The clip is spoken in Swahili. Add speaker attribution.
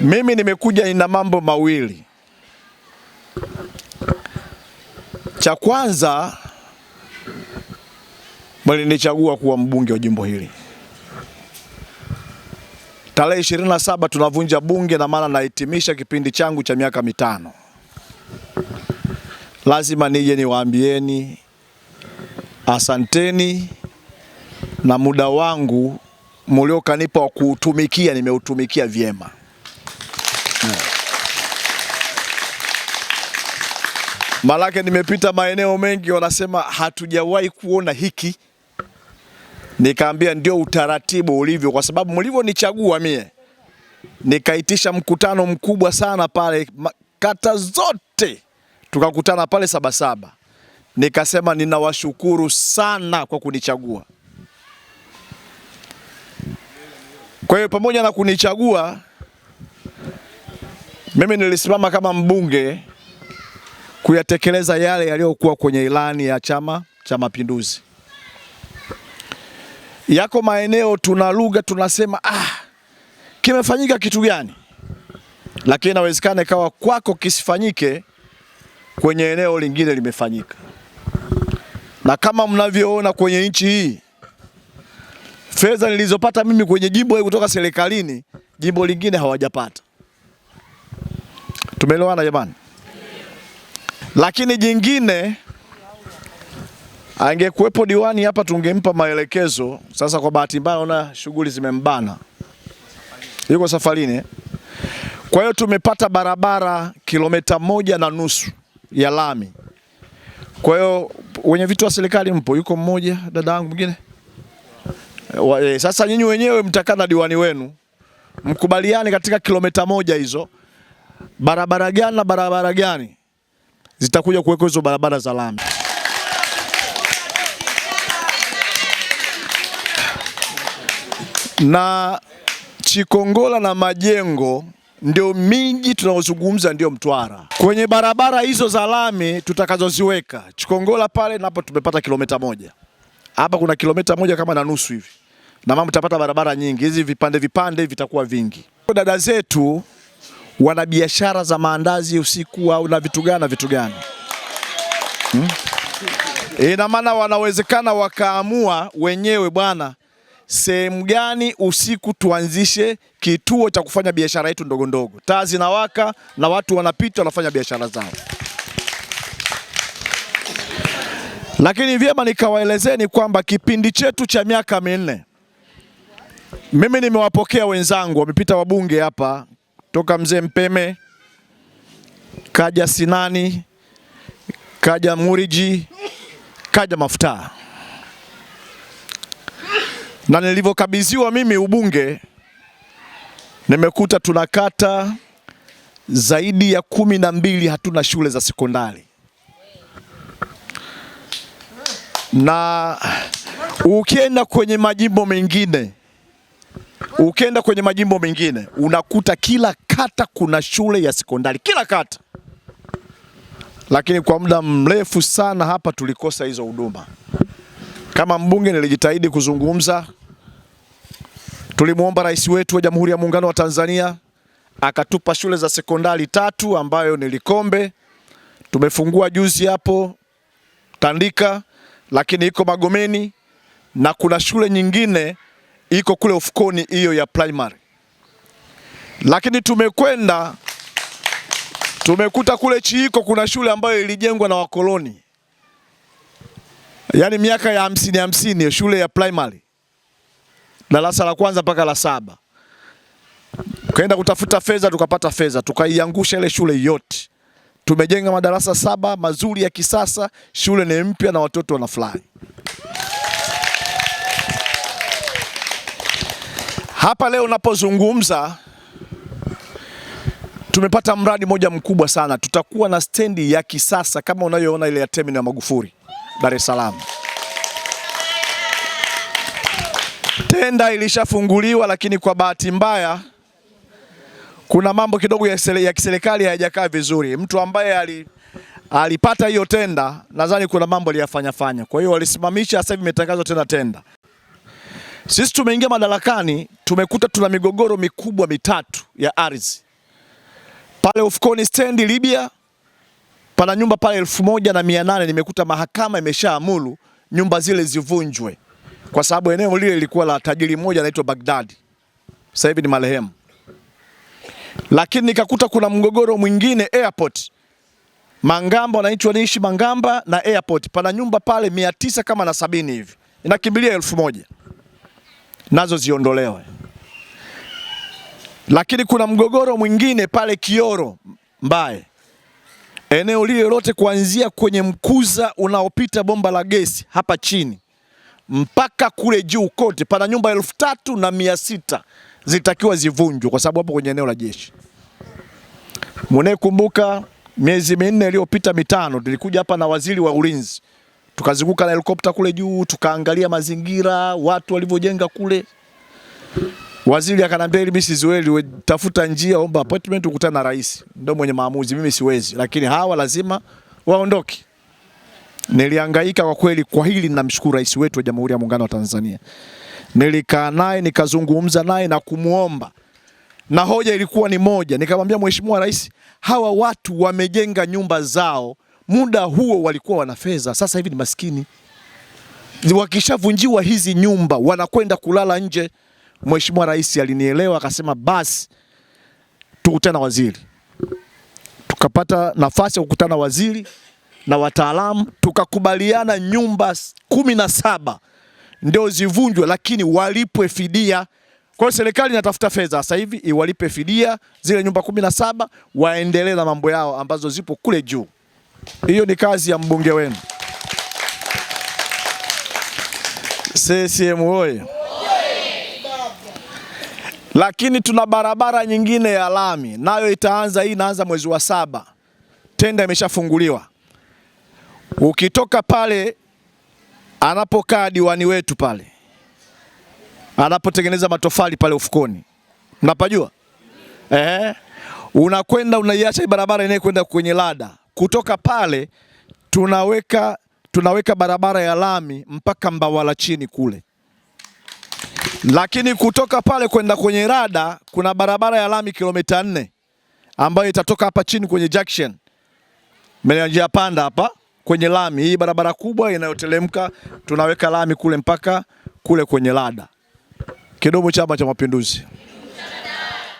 Speaker 1: Mimi nimekuja nina mambo mawili. Cha kwanza mlinichagua kuwa mbunge wa jimbo hili. Tarehe 27 tunavunja bunge na maana nahitimisha kipindi changu cha miaka mitano. Lazima nije niwaambieni asanteni, na muda wangu mliokanipa wa kuutumikia nimeutumikia vyema. Malaka, nimepita maeneo mengi, wanasema hatujawahi kuona hiki. Nikaambia ndio utaratibu ulivyo, kwa sababu mlivyonichagua mie, nikaitisha mkutano mkubwa sana pale, kata zote tukakutana pale Sabasaba. Nikasema ninawashukuru sana kwa kunichagua. Kwa hiyo pamoja na kunichagua mimi nilisimama kama mbunge kuyatekeleza yale yaliyokuwa kwenye ilani ya Chama cha Mapinduzi. Yako maeneo tuna lugha tunasema, ah, kimefanyika kitu gani, lakini inawezekana ikawa kwako kisifanyike kwenye eneo lingine limefanyika, na kama mnavyoona kwenye nchi hii fedha nilizopata mimi kwenye jimbo kutoka serikalini, jimbo lingine hawajapata. Tumeelewana jamani? Lakini jingine angekuwepo diwani hapa tungempa maelekezo. Sasa kwa bahati mbaya, ona shughuli zimembana, yuko safarini. Kwa hiyo tumepata barabara kilomita moja na nusu ya lami. Kwa hiyo wenye vitu wa serikali mpo, yuko mmoja dada yangu mwingine. Eh, sasa nyinyi wenyewe mtakaa na diwani wenu mkubaliane katika kilomita moja hizo barabara gani na barabara gani zitakuja kuwekwa hizo barabara za lami. Na Chikongola na Majengo ndio miji tunaozungumza, ndio Mtwara. Kwenye barabara hizo za lami tutakazoziweka Chikongola pale napo tumepata kilomita moja, hapa kuna kilomita moja kama na nusu hivi, na mama tutapata barabara nyingi. Hizi vipande vipande vitakuwa vingi. Dada zetu wana biashara za maandazi usiku au na vitu gani na vitu gani hmm? Ina maana wanawezekana wakaamua wenyewe, bwana, sehemu gani usiku tuanzishe kituo cha kufanya biashara yetu ndogo ndogo, taa zinawaka na watu wanapita wanafanya biashara zao. Lakini vyema nikawaelezeni kwamba kipindi chetu cha miaka minne, mimi nimewapokea wenzangu, wamepita wabunge hapa toka mzee Mpeme, kaja Sinani, kaja Muriji, kaja Mafuta, na nilivyokabidhiwa mimi ubunge nimekuta tuna kata zaidi ya kumi na mbili hatuna shule za sekondari, na ukienda kwenye majimbo mengine Ukienda kwenye majimbo mengine unakuta kila kata kuna shule ya sekondari, kila kata. Lakini kwa muda mrefu sana hapa tulikosa hizo huduma. Kama mbunge nilijitahidi kuzungumza, tulimwomba rais wetu wa Jamhuri ya Muungano wa Tanzania akatupa shule za sekondari tatu, ambayo ni Likombe tumefungua juzi hapo Tandika, lakini iko Magomeni na kuna shule nyingine iko kule ufukoni hiyo ya primary, lakini tumekwenda tumekuta kule Chiiko kuna shule ambayo ilijengwa na wakoloni, yaani miaka ya hamsini hamsini, shule ya primary darasa la kwanza mpaka la saba. Tukaenda kutafuta fedha, tukapata fedha, tukaiangusha ile shule yote. Tumejenga madarasa saba mazuri ya kisasa, shule ni mpya na watoto wanafurahi. Hapa leo napozungumza tumepata mradi moja mkubwa sana. Tutakuwa na stendi ya kisasa kama unayoona ile ya terminal ya Magufuli Dar es Salaam. Tenda ilishafunguliwa, lakini kwa bahati mbaya kuna mambo kidogo ya kiserikali hayajakaa vizuri. Mtu ambaye alipata hiyo tenda nadhani kuna mambo aliyafanyafanya, kwa hiyo walisimamisha. Sasa hivi imetangazwa tena tenda sisi tumeingia madarakani, tumekuta tuna migogoro mikubwa mitatu ya ardhi pale ufukoni stendi Libya, pana nyumba pale elfu moja na mia nane nimekuta mahakama imeshaamuru nyumba zile zivunjwe kwa sababu eneo lile lilikuwa la tajiri mmoja anaitwa Baghdad, sasa hivi ni marehemu. Lakini nikakuta kuna mgogoro mwingine airport Mangamba, wananchi wanaishi Mangamba na airport, pana nyumba pale mia tisa kama na sabini hivi inakimbilia elfu moja nazo ziondolewe. Lakini kuna mgogoro mwingine pale Kioro mbaye eneo lile lote kuanzia kwenye mkuza unaopita bomba la gesi hapa chini mpaka kule juu kote, pana nyumba elfu tatu na mia sita zilitakiwa zivunjwe kwa sababu hapo kwenye eneo la jeshi. Mwenekumbuka miezi minne iliyopita mitano, tulikuja hapa na waziri wa ulinzi tukazunguka na helikopta kule juu, tukaangalia mazingira watu walivyojenga kule. Waziri akanambia ili mimi siziweli, tafuta njia, omba appointment ukutane na rais, ndio mwenye maamuzi. Mimi siwezi, lakini hawa lazima waondoke. Nilihangaika kwa kweli, kwa hili ninamshukuru rais wetu wa Jamhuri ya Muungano wa Tanzania. Nilikaa naye nikazungumza naye na kumwomba, na hoja ilikuwa ni moja. Nikamwambia Mheshimiwa Rais, hawa watu wamejenga nyumba zao muda huo walikuwa wana fedha, sasa hivi ni maskini. Wakishavunjiwa hizi nyumba wanakwenda kulala nje. Mheshimiwa Rais alinielewa akasema, basi tukutane na waziri. Tukapata nafasi ya kukutana waziri na wataalamu, tukakubaliana nyumba kumi na saba ndio zivunjwe, lakini walipwe fidia. Kwa hiyo serikali inatafuta fedha sasa hivi iwalipe fidia zile nyumba kumi na saba, waendelee na mambo yao ambazo zipo kule juu. Hiyo ni kazi ya mbunge wenu CCM oye! Lakini tuna barabara nyingine ya lami nayo itaanza, hii inaanza mwezi wa saba, tenda imeshafunguliwa. Ukitoka pale anapokaa diwani wetu pale anapotengeneza matofali pale ufukoni, mnapajua eh? Unakwenda unaiacha barabara inayokwenda kwenye lada kutoka pale tunaweka tunaweka barabara ya lami mpaka Mbawala chini kule, lakini kutoka pale kwenda kwenye rada kuna barabara ya lami kilomita nne ambayo itatoka hapa chini kwenye junction njia panda hapa kwenye lami hii, barabara kubwa inayotelemka, tunaweka lami kule mpaka kule kwenye rada. Kidumu Chama cha Mapinduzi!